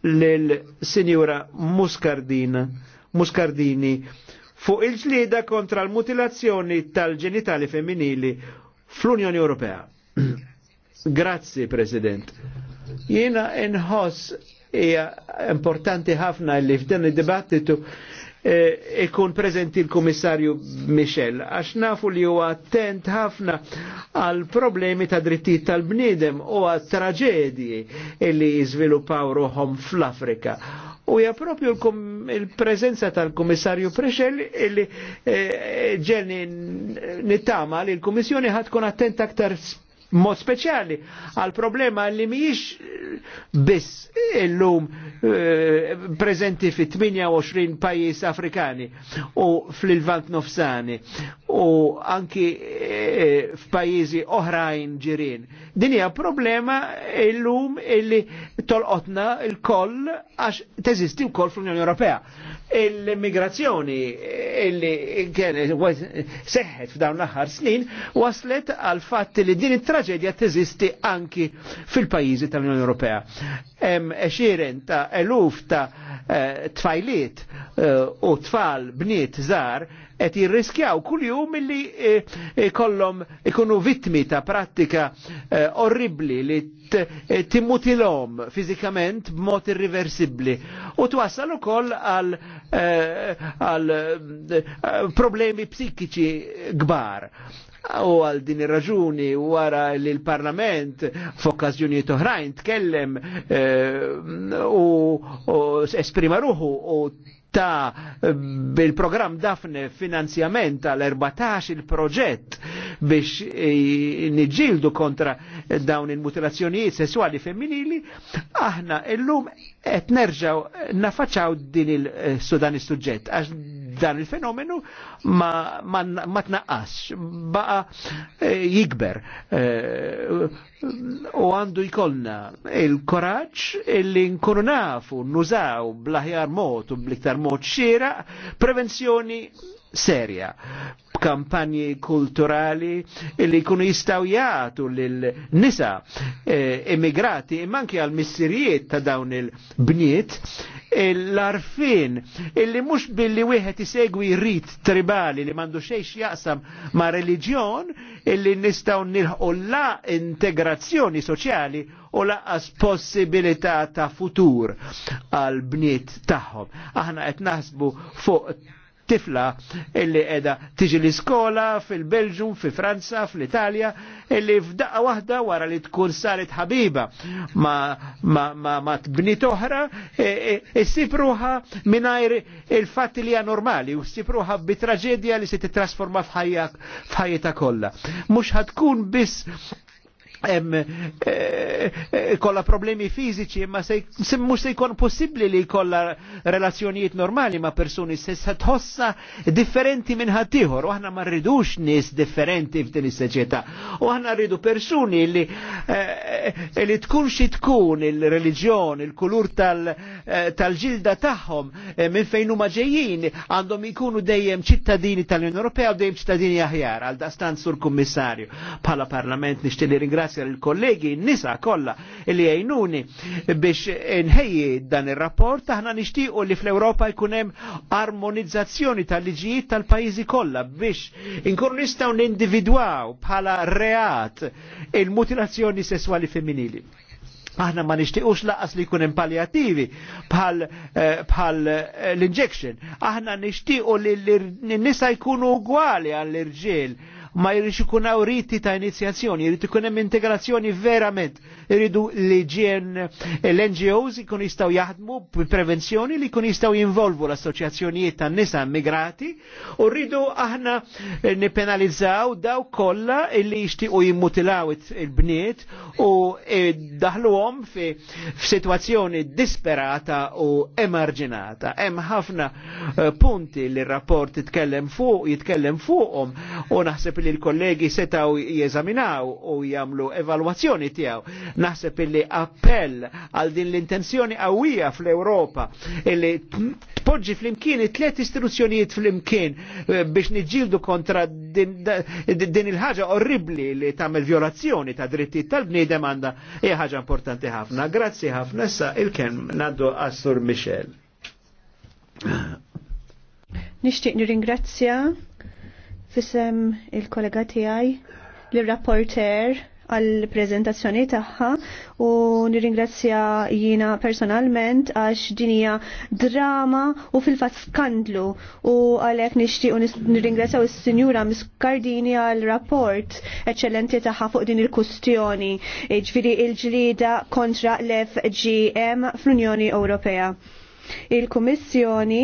l-Sinjura Muscardina, Muscardini fuq il-ġlieda kontra l-mutilazzjoni tal-ġenitali femminili fl-Unjoni Ewropea. Grazzi, President. Jiena inħoss hija importanti ħafna li f'dan id-dibattitu Eh, ikun prezenti l-Komissarju Michel, għax nafu li huwa attent ħafna għal problemi ta' drittijiet tal-bniedem u għal traġedji li jiżviluppaw ruħom fl-Afrika. U ja propju il prezenza tal-Kummissarju Prexel illi eh, ġelni nittama li l-Kummissjoni ħatkun attent aktar mod speċjali għal problema li mhijiex biss illum Eh, prezenti fi 28 pajjiż Afrikani u fl-Ilvant Nofsani u anki eh, f'pajjiżi oħrajn ġirin. Din hija problema illum illi tolqotna l-koll għax teżisti wkoll fl-Unjoni Ewropea. L-immigrazzjoni illi seħħet f'dawn l-aħħar snin waslet għal fatt li din it-traġedja teżisti anki fil-pajjiżi tal-Unjoni Ewropea. Hemm ta' eluf ta' Eh, tfajliet eh, u tfal bniet zar qed jirriskjaw kuljum illi ikollhom eh, ikunu vittmi ta' prattika orribli li timmutilhom fiżikament b'mod irriversibbli u twassal ukoll għal problemi psikiċi kbar. U għal din ir-raġuni wara li l-Parlament f'okkażjoni oħrajn tkellem eh, u esprima ruħu u ta' bil-programm Dafne finanzjament tal-14 il-proġett biex eh, niġildu kontra dawn il-mutilazzjonijiet sessuali femminili, aħna illum qed nerġgħu nafaċċaw din il-Sudan eh, is-suġġett għax dan il-fenomenu ma, ma, ma tnaqqas, baqa eh, jikber. Eh, u għandu jkollna il-koraċ illi nkunu nafu, nużaw blaħjar mod u bliktar mod xira prevenzjoni serja kampanji kulturali li jkunu jistaw jagħtu lil nisa eh, immigrati imma anke għal missirijiet ta' dawn il-bniet l-arfin illi mhux billi wieħed isegwi rit tribali li mandu xejx jaqsam ma' reliġjon illi nistgħu nilħu la integrazzjoni soċjali u laqas possibilità ta' futur għal bniet tagħhom. Aħna qed naħsbu fuq tifla illi edha tiġi l-iskola fil-Belġum, fi Franza, fl-Italja, illi f'daqqa waħda wara li tkun saret ħabiba ma, ma, ma, ma tbni oħra, issipruħa e, e, e minajr il-fatti li normali u issipruħa bi traġedja li se titrasforma f'ħajja f'ħajjita kollha. Mhux ħatkun biss Eh, eh, kolla problemi fiziċi imma mux se jkun possibli li kolla relazzjonijiet normali ma' persuni se tħossa differenti minn ieħor u aħna ma rridux nies differenti f'din is-soċjetà u aħna rridu persuni li eh, li tkun xi tkun il-reliġjon, il-kulur tal-ġilda tagħhom minn fejn huma ġejjin għandhom ikunu dejjem ċittadini tal-Unjoni Ewropea u dejjem ċittadini aħjar għal dastan sur kummissarju. Bħala Parlament nixtieli ringrazzja nirringrazzja l-kollegi nisa kollha li jajnuni biex nħejji dan ir-rapport aħna nixtiequ li fl-Ewropa jkun hemm armonizzazzjoni tal-liġijiet tal-pajjiżi kollha biex inkun nistgħu nindividwaw bħala reat il-mutilazzjoni sesswali femminili aħna ma nixtiqux laqas li jkun paljattivi bħal eh, bħal eh, l-injection. Aħna nixtiequ li n-nisa jkunu ugwali għall-irġiel ma jirriċ ikun hawn riti ta' inizjazzjoni, jrid ikun hemm integrazzjoni verament. Iridu li ġien l-NGOs ikun jistgħu jaħdmu prevenzjoni li jkun jistgħu jinvolvu l-assoċjazzjonijiet tan-nisa migrati u rridu aħna nipenalizzaw daw kollha illi jixtiequ jimmutilaw il-bniet u e, daħluhom f'sitwazzjoni disperata u emarġinata. Hemm ħafna eh, punti li r-rapport jitkellem fuq, jitkellem fuqhom u naħseb li l-kollegi setaw jeżaminaw u jamlu evalwazzjoni tijaw. Naħseb illi appell għal din l-intenzjoni għawija fl-Europa illi tpoġġi fl-imkien it istituzzjonijiet fl-imkien eh, biex niġġieldu kontra din, din il-ħaġa orribli li tagħmel violazzjoni ta' drittijiet tal-bniedem għandha hija ħaġa importanti ħafna. Grazzi ħafna issa il-kemm ngħaddu għas-Sur Michel. Nixtieq nirringrazzja fisem il-kollega tiegħi l-rapporter għall-prezentazzjoni tagħha u nirringrazzja jiena personalment għax dinija drama u fil-fatt skandlu u għalhekk nixtieq nirringrazzjaw is-Sinjura Miskardini għall-rapport eċċellenti tagħha fuq din il-kustjoni ġifieri il-ġlida kontra l-FGM fl-Unjoni Ewropea. Il-Kummissjoni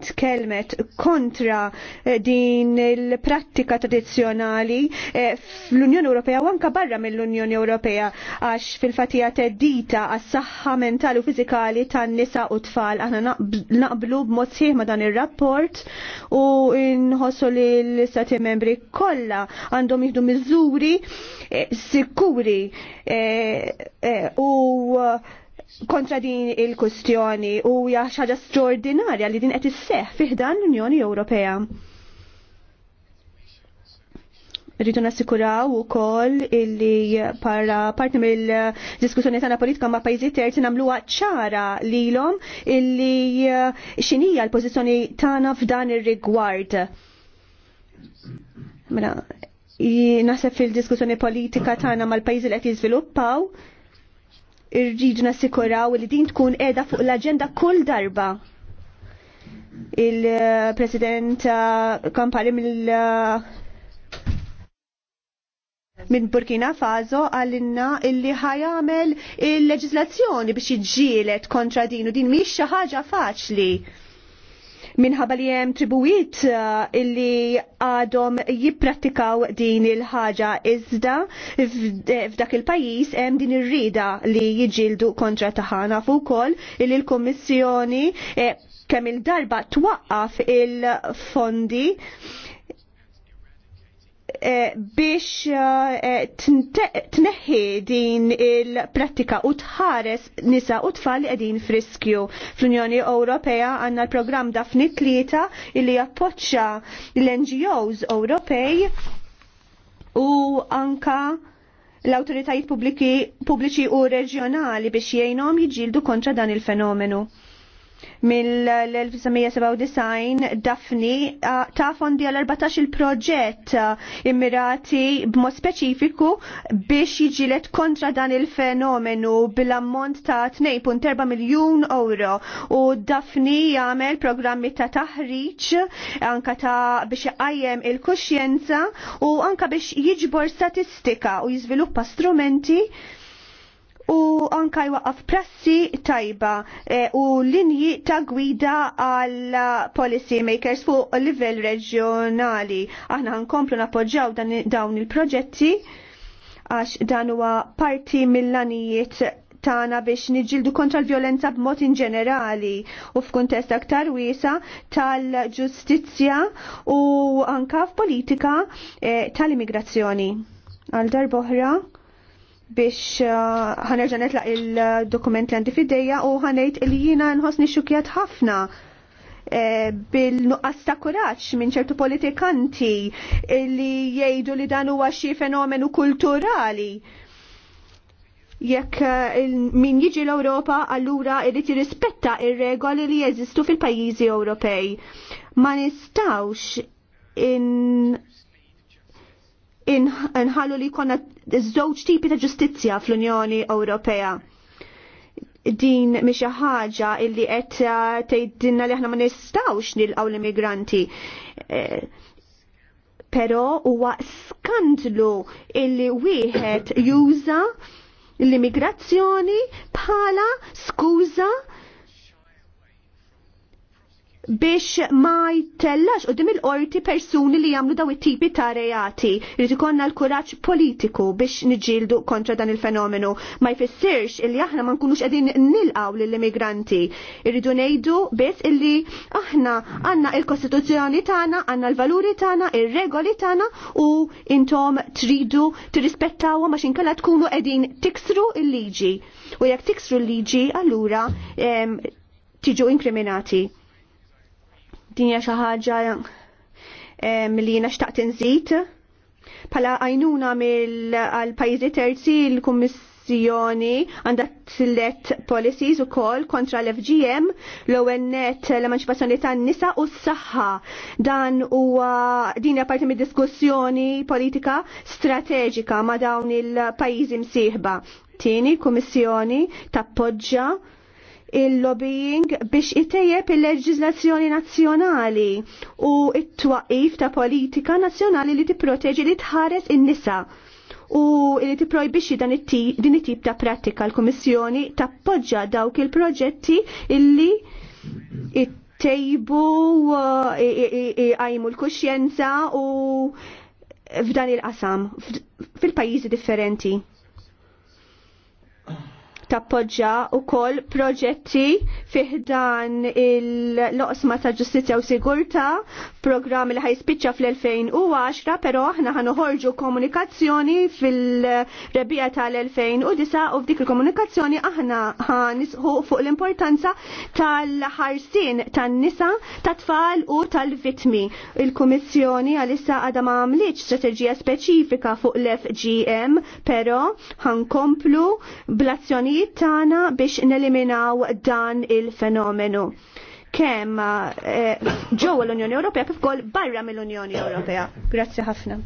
tkellmet kontra eh, din il-prattika tradizjonali eh, fl-Unjoni Ewropea u anka barra mill-Unjoni Ewropea għax fil-fatija teddita għas saħħa mentali u fizikali tan nisa u tfal. Aħna naqblu b'mod sieħ ma dan ir-rapport u nħossu li l-istati membri kollha għandhom jieħdu miżuri eh, sikuri u kontra din il-kustjoni u jaxħaġa ħaġa straordinarja li din qed isseħħ fiħdan l-Unjoni Ewropea. Rridu nassikuraw ukoll illi parla parti mill-diskussjoni tagħna politika ma' pajjiżi terzi nagħmluha ċara lilhom illi eh, x'inija l-pożizzjoni tagħna f'dan ir-rigward. Mela, naħseb fil-diskussjoni politika tana mal-pajjiżi li qed jiżviluppaw irridu nassikuraw li din tkun qiegħda fuq l-aġenda kull darba il-president uh, kampali mill uh, minn Burkina Faso għallinna illi ħajamel il-leġislazzjoni biex jġielet kontra din u din mhix xi ħaġa faċli minħabba li hemm tribujiet uh, illi għadhom jippratikaw din il-ħaġa iżda f'dak il-pajjiż hemm din ir-rida li jiġildu kontra taħana fuq wkoll illi l-Kummissjoni eh, kemm il-darba twaqqaf il-fondi Eh, biex eh, tneħħi din il-prattika u tħares nisa u tfal edin friskju. Fl-Unjoni Ewropea għanna l-programm Dafni Tlieta illi jappoċċa l-NGOs Ewropej u anka l-autoritajiet pubbliċi u reġjonali biex jgħinom jiġildu kontra dan il-fenomenu mill-1997 Daphne ta' fondi għal 14 il-proġett immirati b'mod speċifiku biex jiġilet kontra dan il-fenomenu bil-ammont ta' 2.4 miljun euro u Daphne jagħmel programmi ta' taħriġ anka ta' biex jqajjem il-kuxjenza u anka biex jiġbor statistika u jiżviluppa strumenti u anka jwaqaf prassi tajba e, u linji ta' gwida għal policy makers fuq livell reġjonali. Aħna nkomplu napoġġaw dawn il-proġetti għax dan huwa parti mill-lanijiet tana biex niġildu kontra l-violenza b'mod in ġenerali u f'kuntest aktar wiesa tal-ġustizzja u anka f'politika e, tal-immigrazzjoni. Għal darboħra biex uh, ħanerġa' netlaq il-dokument li għandi fidejja u ħanejt li jiena nħosni xukjat ħafna eh, bil-nuqqas ta' kuraċ minn ċertu politikanti li jgħidu li dan huwa xi fenomenu kulturali jekk eh, min jiġi l-Ewropa allura irid jirrispetta ir-regoli li jeżistu fil-pajjiżi Ewropej. Ma nistawx in inħallu li jkollna żewġ tipi ta' ġustizzja fl-Unjoni Ewropea. Din xi ħaġa illi qed uh, tgħidilna li aħna ma nistgħux nilqgħu l-immigranti. Eh, però huwa skandlu illi wieħed juża l-immigrazzjoni bħala skuża biex ma jtellax u il-qorti persuni li jamlu daw it-tipi ta' rejati. Rrid ikonna l-kuraġġ politiku biex niġġieldu kontra dan il-fenomenu. Ma jfissirx illi aħna ma nkunux qegħdin nilqaw lill-immigranti. Irridu ngħidu biss illi aħna għandna il-Kostituzzjoni tagħna, għandna l-valuri tagħna, ir-regoli tagħna u intom tridu tirrispettawha ma inkella tkunu qegħdin tiksru l-liġi. U jekk tiksru l-liġi allura tiġu inkriminati dinja xi ħaġa li jiena tinżid. Pala għajnuna mill-pajjiżi terzi l-Kummissjoni għandha tillet policies u kontra l-FGM l net l-emanċipazzjoni tan nisa u s-saħħa. Dan huwa din hija parti mid diskussjoni politika strateġika ma' dawn il-pajjiżi msieħba. Tieni, kummissjoni tappoġġa il-lobbying biex itejjeb il-leġizlazzjoni nazzjonali u it-twaqif ta' politika nazzjonali li tipproteġi li tħares in-nisa u li tipprojbixxi dan din it-tip ta' pratika l-Kummissjoni tappoġġa dawk il-proġetti illi tejbu għajmu l-kuxjenza u f'dan il-qasam fil-pajjiżi differenti tappoġġa wkoll proġetti fih dan il-loqsma ta' ġustizzja u sigurta, programm li ħajspiċċa fl-2010, però aħna ħanoħorġu komunikazzjoni fil-rebija tal-2009 u f'dik il-komunikazzjoni aħna ħanisħu fuq l-importanza tal-ħarsin tan-nisa, tat-tfal u tal-vitmi. Il-Kummissjoni għalissa għadha ma għamliċ strateġija speċifika fuq l-FGM, però ħankomplu blazzjoni l-azzjonijiet tagħna biex neliminaw dan il-fenomenu kemm eh, ġewwa l-Unjoni Ewropea kif ukoll barra mill-Unjoni Ewropea. Grazzi ħafna.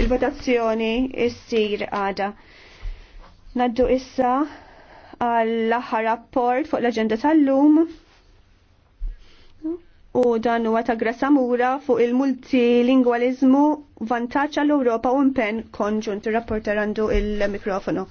Il-votazzjoni ssir għada. Naddu issa għall-aħħar rapport fuq l-aġenda tal-lum u dan huwa ta' grasamura fuq il-multilingualizmu vantaġġ għall-Ewropa u impenn konġunt. Il-rapporter għandu il-mikrofonu.